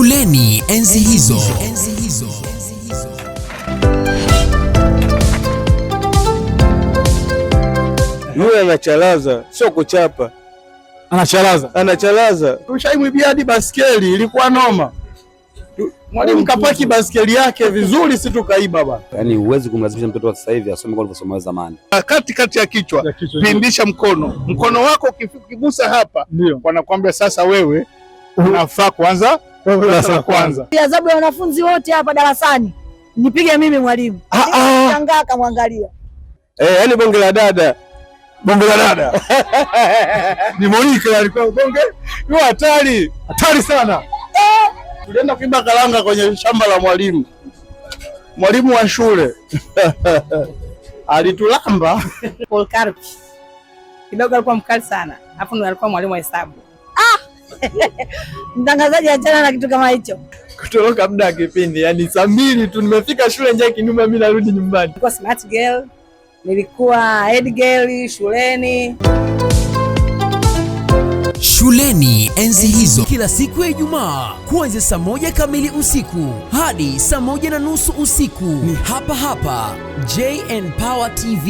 shuleni enzi hizo. Yule anachalaza sio kuchapa, anachalaza anachalaza. Tushaimwibia hadi baskeli, ilikuwa noma. Mwalimu kapaki baskeli yake vizuri, si tukaiba bwana. Yaani huwezi kumlazimisha mtoto wa sasa hivi asome kwa alivyosoma zamani. Ah, kati kati ya kichwa pindisha mkono, mkono wako ukigusa hapa, wanakuambia sasa wewe unafaa kwanza darasa la kwanza. Adhabu ya wanafunzi wote hapa darasani nipige mimi mwalimu. Ah, ah. Shangaa kamwangalia. Eh, yani bonge la dada bonge la dada ni Monica alikuwa bonge ni hatari hatari sana eh. Tulienda kuiba karanga kwenye shamba la mwalimu, mwalimu wa shule alitulamba. Paul kidogo alikuwa mkali sana, alafu alikuwa mwalimu wa hesabu Mtangazaji, achana na kitu kama hicho, kutoroka muda wa kipindi. Yani saa mbili tu nimefika shule, njia kinyuma, mimi narudi nyumbani. Nilikuwa smart girl, nilikuwa head girl shuleni shuleni enzi hizo, kila siku ya Ijumaa kuanzia saa moja kamili usiku hadi saa moja na nusu usiku ni hapa hapa JN Power TV.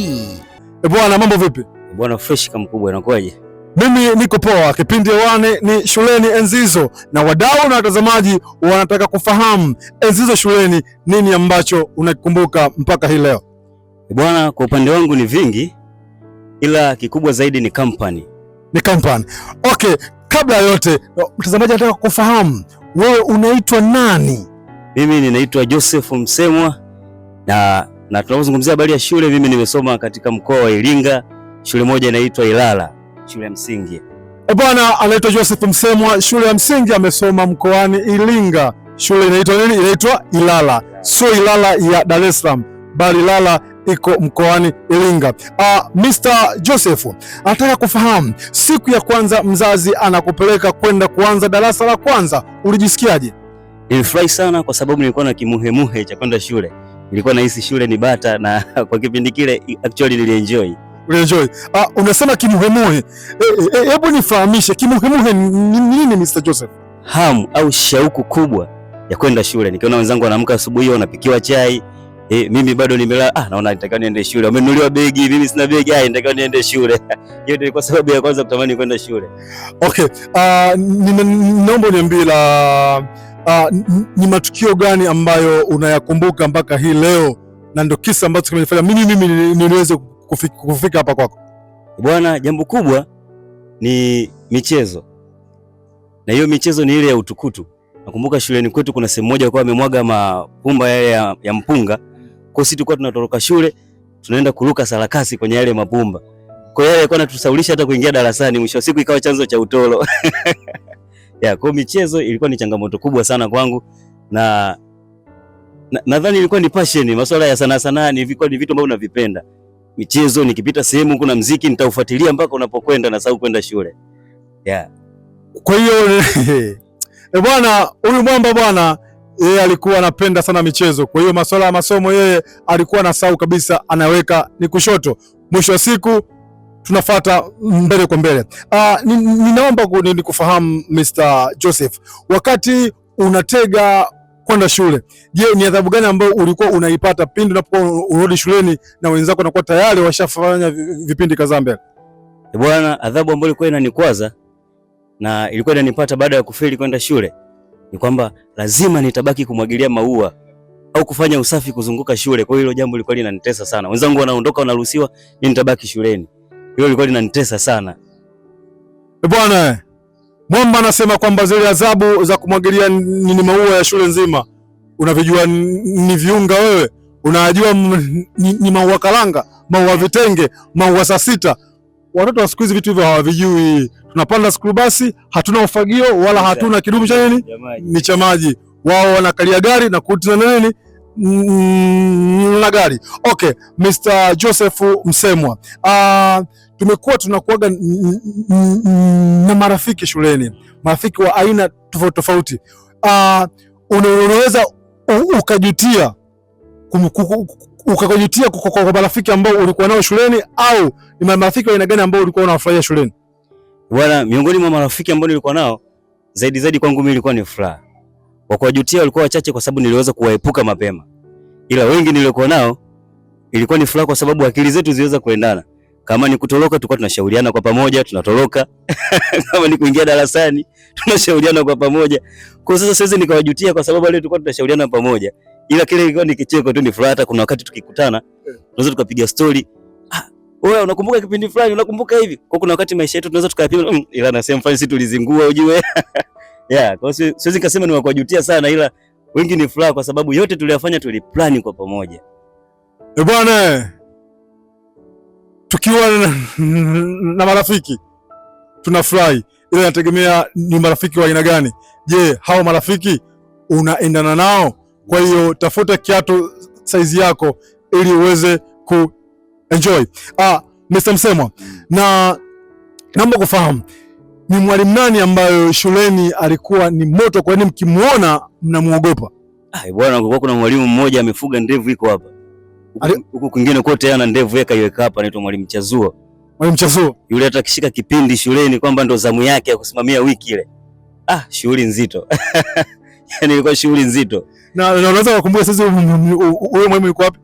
E bwana, mambo vipi bwana? Fresh kama kubwa, inakuwaje? Mimi niko poa. Kipindi wane ni Shuleni enzizo na wadau na watazamaji wanataka kufahamu enzizo shuleni, nini ambacho unakikumbuka mpaka hii leo? Bwana, kwa upande wangu ni vingi, ila kikubwa zaidi ni kampani. Ni kampani. Okay, kabla ya yote, mtazamaji anataka kufahamu wewe unaitwa nani? Mimi ninaitwa Joseph Msemwa na, na tunapozungumzia habari ya shule, mimi nimesoma katika mkoa wa Iringa, shule moja inaitwa Ilala shule ya msingi. E bwana, anaitwa Joseph Msemwa, shule ya msingi amesoma mkoani Iringa. Shule inaitwa nini? Inaitwa Ilala, sio Ilala ya Dar es Salaam, bali Ilala iko mkoani Iringa. Uh, ah, Mr. Joseph anataka kufahamu siku ya kwanza mzazi anakupeleka kwenda kuanza darasa la kwanza ulijisikiaje? Nilifurahi sana kwa sababu nilikuwa na kimuhemuhe cha kwenda shule, nilikuwa nahisi shule ni bata, na kwa kipindi kile actually nilienjoy Ulienjoy. Ah, unasema kimuhemuhe. Eh, eh, eh, hebu e, nifahamishe kimuhemuhe nini Mr. Joseph? Hamu au shauku kubwa ya kwenda shule. Nikiona wenzangu wanaamka asubuhi wanapikiwa chai, e, mimi bado nimelala, ah, naona nitakiwa niende shule. Wamenunuliwa begi, mimi sina begi, ah, nitakiwa niende shule. Hiyo ndio kwa sababu ya kwanza kutamani kwenda shule. Okay. Ah, naomba uniambie la Uh, ni matukio gani ambayo unayakumbuka mpaka hii leo na ndio kisa ambacho kimenifanya mimi mimi niweze kufika, kufika hapa kwako bwana. Jambo kubwa ni michezo, na hiyo michezo ni ile ya utukutu. Nakumbuka shuleni kwetu kuna sehemu moja kwa amemwaga mapumba yale ya, ya mpunga, kwa sisi tulikuwa tunatoroka shule tunaenda kuruka sarakasi kwenye yale mapumba. Kwa hiyo alikuwa anatusaulisha hata kuingia darasani, mwisho wa siku ikawa chanzo cha utoro ya kwa michezo ilikuwa ni changamoto kubwa sana kwangu, na nadhani na ilikuwa ni passion, masuala ya sanaa sanaa ni vitu ambavyo navipenda michezo, nikipita sehemu kuna mziki nitaufuatilia mpaka unapokwenda, na sababu kwenda shule yeah. Kwa hiyo eh, bwana, huyu mwamba bwana yeye alikuwa anapenda sana michezo, kwa hiyo masuala ya masomo yeye alikuwa na sau kabisa, anaweka ni kushoto. Mwisho wa siku tunafata mbele kwa mbele. Uh, ninaomba ni kufahamu Mr. Joseph, wakati unatega kwenda shule. Je, ni adhabu gani ambayo ulikuwa unaipata pindi unapokuwa unarudi shuleni na wenzako wanakuwa tayari washafanya vipindi kadhaa mbele? E bwana, adhabu ambayo ilikuwa inanikwaza na ilikuwa inanipata baada ya kufeli kwenda shule ni kwamba lazima nitabaki kumwagilia maua au kufanya usafi kuzunguka shule. Kwa hiyo hilo jambo lilikuwa linanitesa sana. Wenzangu wanaondoka wanaruhusiwa, mimi nitabaki shuleni. Hilo lilikuwa linanitesa sana. E bwana Mwamba anasema kwamba zile adhabu za kumwagilia nini maua ya shule nzima unavijua ni viunga wewe, unajua ni maua kalanga, maua vitenge, maua saa sita. Watoto wa siku hizi vitu hivyo hawavijui. Tunapanda skulu basi, hatuna ufagio wala hatuna kidumu cha nini ni cha maji. Wao wanakalia gari na kutiza nini na gari. Okay, Mr Joseph Msemwa. Uh, tumekuwa tunakuaga na marafiki shuleni, marafiki wa aina tofauti tofauti. Uh, unaweza ukajutia ukajutia kwa marafiki ambao ulikuwa nao shuleni, au ni marafiki wa aina gani ambao ulikuwa unawafurahia shuleni? Bwana, miongoni mwa marafiki ambao nilikuwa nao zaidi zaidi, kwangu mimi ilikuwa ni furaha. Wa kuwajutia walikuwa wachache, kwa sababu niliweza kuwaepuka mapema, ila wengi nilikuwa nao ilikuwa ni furaha, kwa sababu akili zetu ziliweza kuendana kama ni kutoroka tulikuwa tunashauriana kwa pamoja, tunatoroka. Kama ni kuingia darasani tunashauriana kwa pamoja. Kwa sasa siwezi nikawajutia kwa sababu leo tulikuwa tunashauriana pamoja. Ila kile kilikuwa ni kicheko tu, ni furaha. Kuna wakati tukikutana eh. tunaweza tukapiga story. Ah, wewe unakumbuka kipindi fulani, unakumbuka hivi. Kwa kuna wakati maisha yetu tunaweza tukayapima, mm, ila na same sisi tulizingua ujue. Yeah, kwa hiyo siwezi kusema ni wakujutia sana, ila wengi ni furaha kwa sababu yote tuliyofanya tuliplani kwa pamoja. Eh, bwana tukiwa na marafiki tunafurahi, ila inategemea ni marafiki wa aina gani. Je, hao marafiki unaendana nao? Kwa hiyo tafuta kiatu saizi yako ili uweze ku enjoy. Ah, Mr. Msemwa, na naomba kufahamu ni mwalimu nani ambayo shuleni alikuwa ni moto, kwa nini mkimwona mnamuogopa? Ah, bwana, kuna mwalimu mmoja amefuga ndevu iko hapa huku kwingine kote ana ndevu yeka iweka hapa, anaitwa mwalimu Chazuo. Mwalimu Chazuo yule hata akishika kipindi shuleni kwamba ndo zamu yake ya kusimamia wiki ile, ah, shughuli nzito yani ilikuwa shughuli nzito. Na unaweza kukumbuka sasa huyo mwalimu yuko wapi?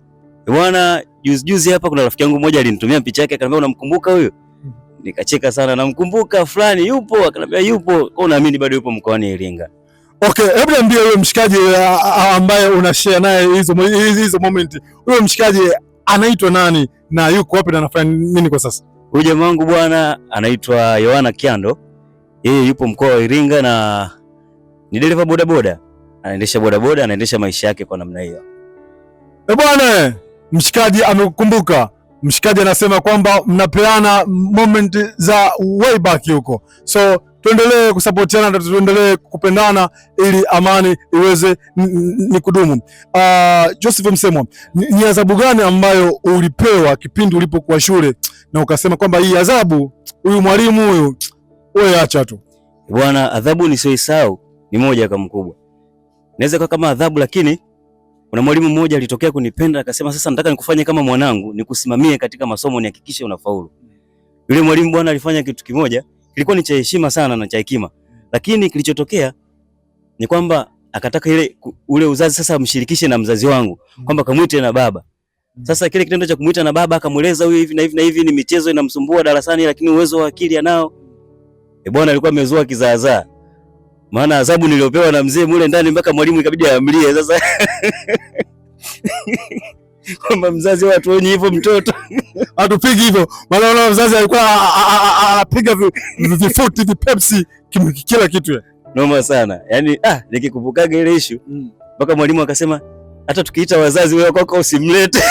Bwana, juzi juzi hapa kuna rafiki yangu mmoja alinitumia picha yake, akaniambia unamkumbuka huyo? Hmm. Nikacheka sana, namkumbuka fulani, yupo. Akaniambia yupo, kwa unaamini bado yupo mkoani Iringa. Okay, hebu niambie huyo mshikaji eh, ambaye share naye hizo hizo moment. Huyo mshikaji anaitwa nani na yuko wapi na anafanya nini kwa sasa? Huyu jamaa wangu bwana anaitwa Yohana Kiando. Yeye yupo mkoa wa Iringa na ni dereva bodaboda. Anaendesha bodaboda, anaendesha maisha yake kwa namna hiyo. E bwana, mshikaji amekukumbuka. Mshikaji anasema kwamba mnapeana moment za way back huko. So tuendelee kusapotiana, tuendelee kupendana ili amani iweze ni kudumu. Uh, Joseph Msemwa, ni, adhabu gani ambayo ulipewa kipindi ulipokuwa shule na ukasema kwamba hii adhabu huyu mwalimu huyu wewe acha tu bwana? Adhabu nisioisahau ni moja kwa mkubwa, naweza kuwa kama adhabu, lakini kuna mwalimu mmoja alitokea kunipenda akasema, sasa nataka nikufanye kama mwanangu, nikusimamie katika masomo, nihakikishe unafaulu. Yule mwalimu bwana alifanya kitu kimoja kilikuwa ni cha heshima sana na cha hekima, lakini kilichotokea ni kwamba akataka ile ule uzazi sasa amshirikishe na mzazi wangu mm. kwamba kamwite na baba. Mm. Sasa kile kitendo cha kumwita na baba, akamweleza huyu hivi na hivi na hivi, ni michezo inamsumbua darasani, lakini uwezo wa akili anao. E bwana, alikuwa amezoa kizaazaa, maana adhabu niliopewa na mzee mule ndani mpaka mwalimu ikabidi aamlie sasa kwamba mzazi watuonye hivyo mtoto atupigi hivyo. Maana unaona mzazi alikuwa anapiga vifuti vi Pepsi kila kitu, noma sana yani. Ah, nikikupukaga ile issue mm. mpaka mm. mwalimu akasema hata tukiita wazazi wewe kwako usimlete.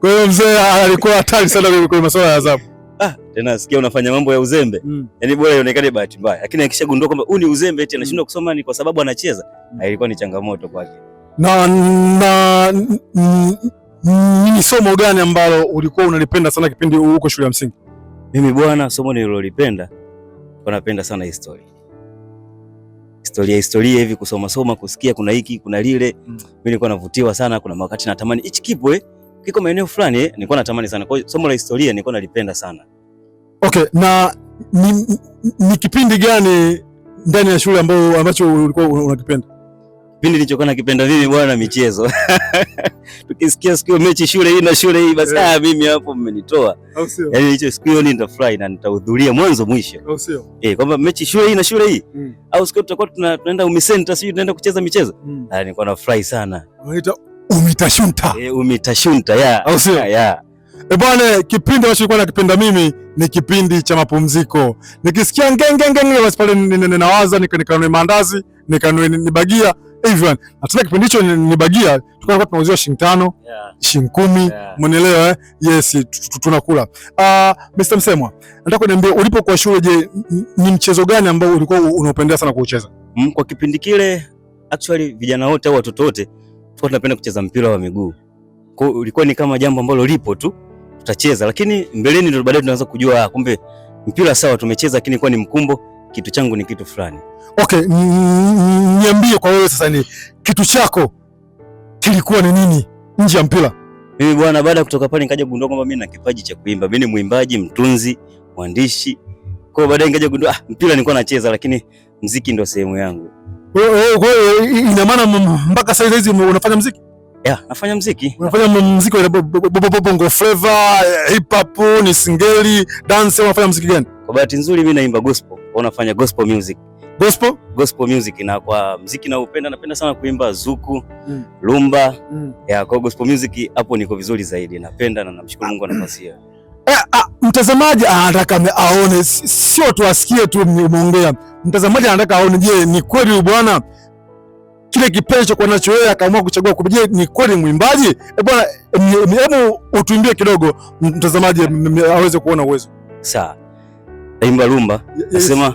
Kwa hiyo mzee alikuwa hatari sana kwa masuala ya adhabu. Ah, tena sikia, unafanya mambo ya uzembe mm. Yani bora ionekane bahati mbaya, lakini akishagundua kwamba huu ni uzembe eti anashindwa mm. kusoma ni kwa sababu anacheza na ilikuwa ni changamoto kwake. Na, na ni somo gani ambalo ulikuwa unalipenda sana kipindi huko shule ya msingi? Mimi bwana, somo nililolipenda napenda sana historia historia historia, hivi kusoma soma, kusikia kuna hiki kuna lile, mm. mimi nilikuwa navutiwa sana. Kuna wakati natamani hichi kipo eh, kiko maeneo fulani eh, nilikuwa natamani sana. Kwa hiyo somo la historia nilikuwa nalipenda sana. Okay, na ni, ni kipindi gani ndani ya shule ambayo ambacho ulikuwa unakipenda? Kipindi nilichokuwa nakipenda mimi bwana, michezo tukisikia siku mechi shule hii na shule hii basi, yeah. Ah, mimi hapo mmenitoa, yaani hicho siku hiyo nitafurahi na nitahudhuria mwanzo mwisho, au sio? Eh, kwamba mechi shule hii na shule hii mm. au siku tutakuwa tuna, tunaenda umisenta, sio tunaenda kucheza michezo mm. Ah, nilikuwa nafurahi sana unaita umitashunta eh, umitashunta ya au sio ya E bwana, kipindi ambacho nilikuwa nakipenda mimi ni kipindi cha mapumziko. Nikisikia ngenge ngenge ngenge, basi pale ninawaza nikanunue mandazi nikanunue nibagia even nataka kipindi hicho nibagia, tukawa tunauzia shilingi tano, shilingi kumi, mwenelewa eh? Yes, tunakula. uh, ah, Mr. Msemwa, nataka kuniambia ulipokuwa shule, je, ni mchezo gani ambao ulikuwa unaupendea sana kuucheza? Mm, Kwa kipindi kile, actually vijana wote au watoto wote tulikuwa tunapenda kucheza mpira wa miguu. Kwa hiyo ilikuwa ni kama jambo ambalo lipo tu tutacheza, lakini mbeleni ndio baadaye tunaanza kujua ah, kumbe mpira sawa, tumecheza lakini kwa ni mkumbo kitu changu ni kitu fulani. Okay, niambie kwa wewe sasa, ni kitu chako kilikuwa ni nini nje ya mpira? Mimi bwana, baada ya kutoka pale nikaja kugundua kwamba mimi na kipaji cha kuimba. Mimi ni mwimbaji, mtunzi, mwandishi. Kwa hiyo baadaye nikaja kugundua ah, mpira nilikuwa nacheza, lakini mziki ndio sehemu yangu. Kwa hiyo ina maana mpaka sasa hizi unafanya mziki? Yeah, nafanya mziki. Unafanya mziki wa bongo flavor, eh, hip hop, ni singeli, dance, unafanya mziki gani? Kwa bahati nzuri mimi naimba gospel unafanya gospel music. Gospel? Gospel music na kwa mziki na upenda napenda sana kuimba zuku, mm. lumba. Mm. Ya, kwa gospel music hapo niko vizuri zaidi. Napenda na namshukuru Mungu na nafasi hiyo. Eh, ah, mtazamaji anataka ah, aone, sio tu asikie tu umeongea. Mtazamaji anataka aone, je, ni kweli bwana kile kipenzi cha kwanacho yeye akaamua kuchagua kupiga, ni kweli mwimbaji eh, bwana? Eh, hebu utuimbie kidogo, mtazamaji aweze kuona uwezo. Sawa. Aimba rumba. Nasema yes.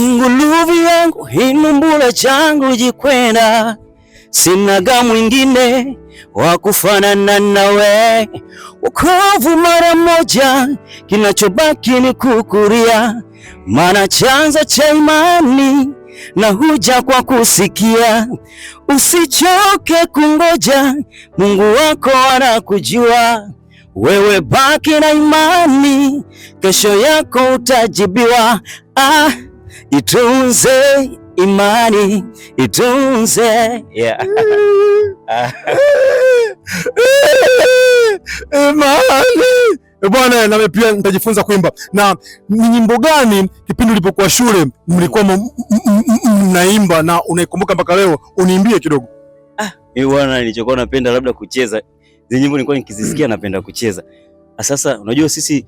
Inguluvi yangu inumbula changu jikwenda, sinaga mwingine wa kufanana nawe. Wokovu mara moja, kinachobaki ni kukuria, mana chanza cha imani na huja kwa kusikia. Usichoke kungoja, Mungu wako anakujua. Wewe baki na imani, kesho yako utajibiwa. Ah, itunze imani, itunze yeah. Mm. Ah. imani eh, Bwana nami pia nitajifunza kuimba. Na ni nyimbo gani kipindi ulipokuwa shule mlikuwa mnaimba na unaikumbuka mpaka leo? Uniimbie kidogo. Ah, mimi bwana, nilichokuwa napenda labda kucheza zile nyimbo nilikuwa nikizisikia napenda kucheza. Sasa unajua sisi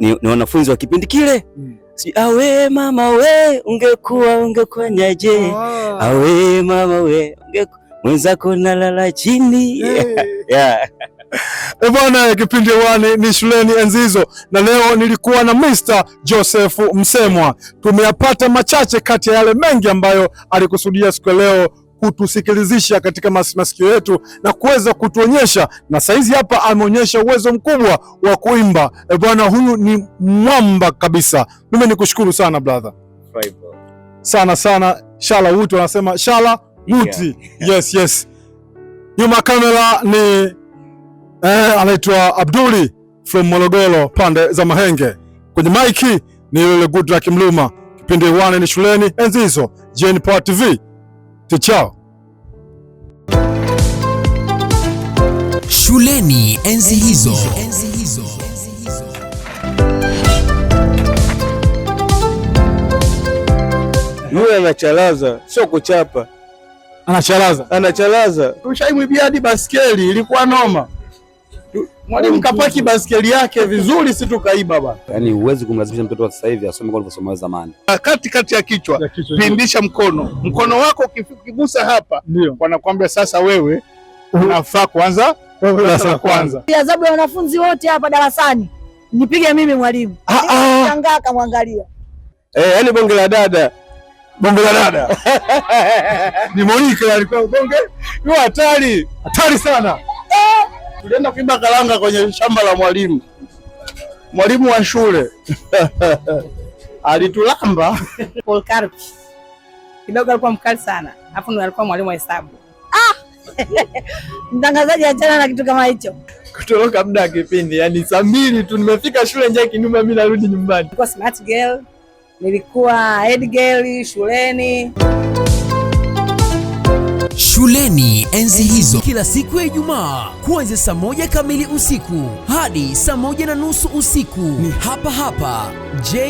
ni, ni wanafunzi wa kipindi kile mm. Awe mama we ungekuwa ungefanyaje? oh. Awe mama we ungeku mwenzako nalala chini hey. yeah. Eh, bwana kipindi wani ni shuleni enzi hizo, na leo nilikuwa na Mr. Joseph Msemwa. Tumeyapata machache kati ya yale mengi ambayo alikusudia siku leo kutusikilizisha katika mas masikio yetu na kuweza kutuonyesha, na saizi hapa ameonyesha uwezo mkubwa wa kuimba. E bwana, huyu ni mwamba kabisa. Mimi ni kushukuru sana brother, sana sana. Shala Wuti wanasema Shala Wuti, yeah. yes, yes. Nyuma kamera ni eh, anaitwa Abduli from Morogoro pande za Mahenge. Kwenye maiki ni yule Goodluck Mluma. Kipindi wane ni shuleni enzi hizo, JNPOA TV chao. Shuleni enzi hizo, enzi hizo. Yule anachalaza sio kuchapa, anachalaza, anachalaza. Ushaimwibia hadi baskeli, ilikuwa noma. Mwalimu kapaki baskeli yake vizuri, si tukaiba bwana. Yaani huwezi kumlazimisha mtoto wa sasa hivi asome kwa alivyosoma zamani. Ah, kati kati ya kichwa, pindisha mkono, mkono wako ukigusa hapa, wanakuambia sasa wewe unafaa kwanza darasa kwanza. Adhabu ya wanafunzi wote hapa darasani nipige mimi mwalimu. Ah, ah. Shangaa kamwangalia. Eh, yani bonge la dada bonge la dada ni Monica alikuwa bonge, ni hatari hatari sana eh tulienda kuiba karanga kwenye shamba la mwalimu, mwalimu wa shule alitulamba Polkarp kidogo, alikuwa mkali sana, alafu ndo alikuwa mwalimu wa hesabu. Ah! Mtangazaji, achana na kitu kama hicho, kutoroka muda wa kipindi. Yani saa mbili tu nimefika shule, njia kinyume, mi narudi nyumbani. Nilikuwa smart girl, nilikuwa head girl shuleni shuleni enzi hizo, kila siku ya Ijumaa kuanzia saa moja kamili usiku hadi saa moja na nusu usiku ni hapa hapa JE.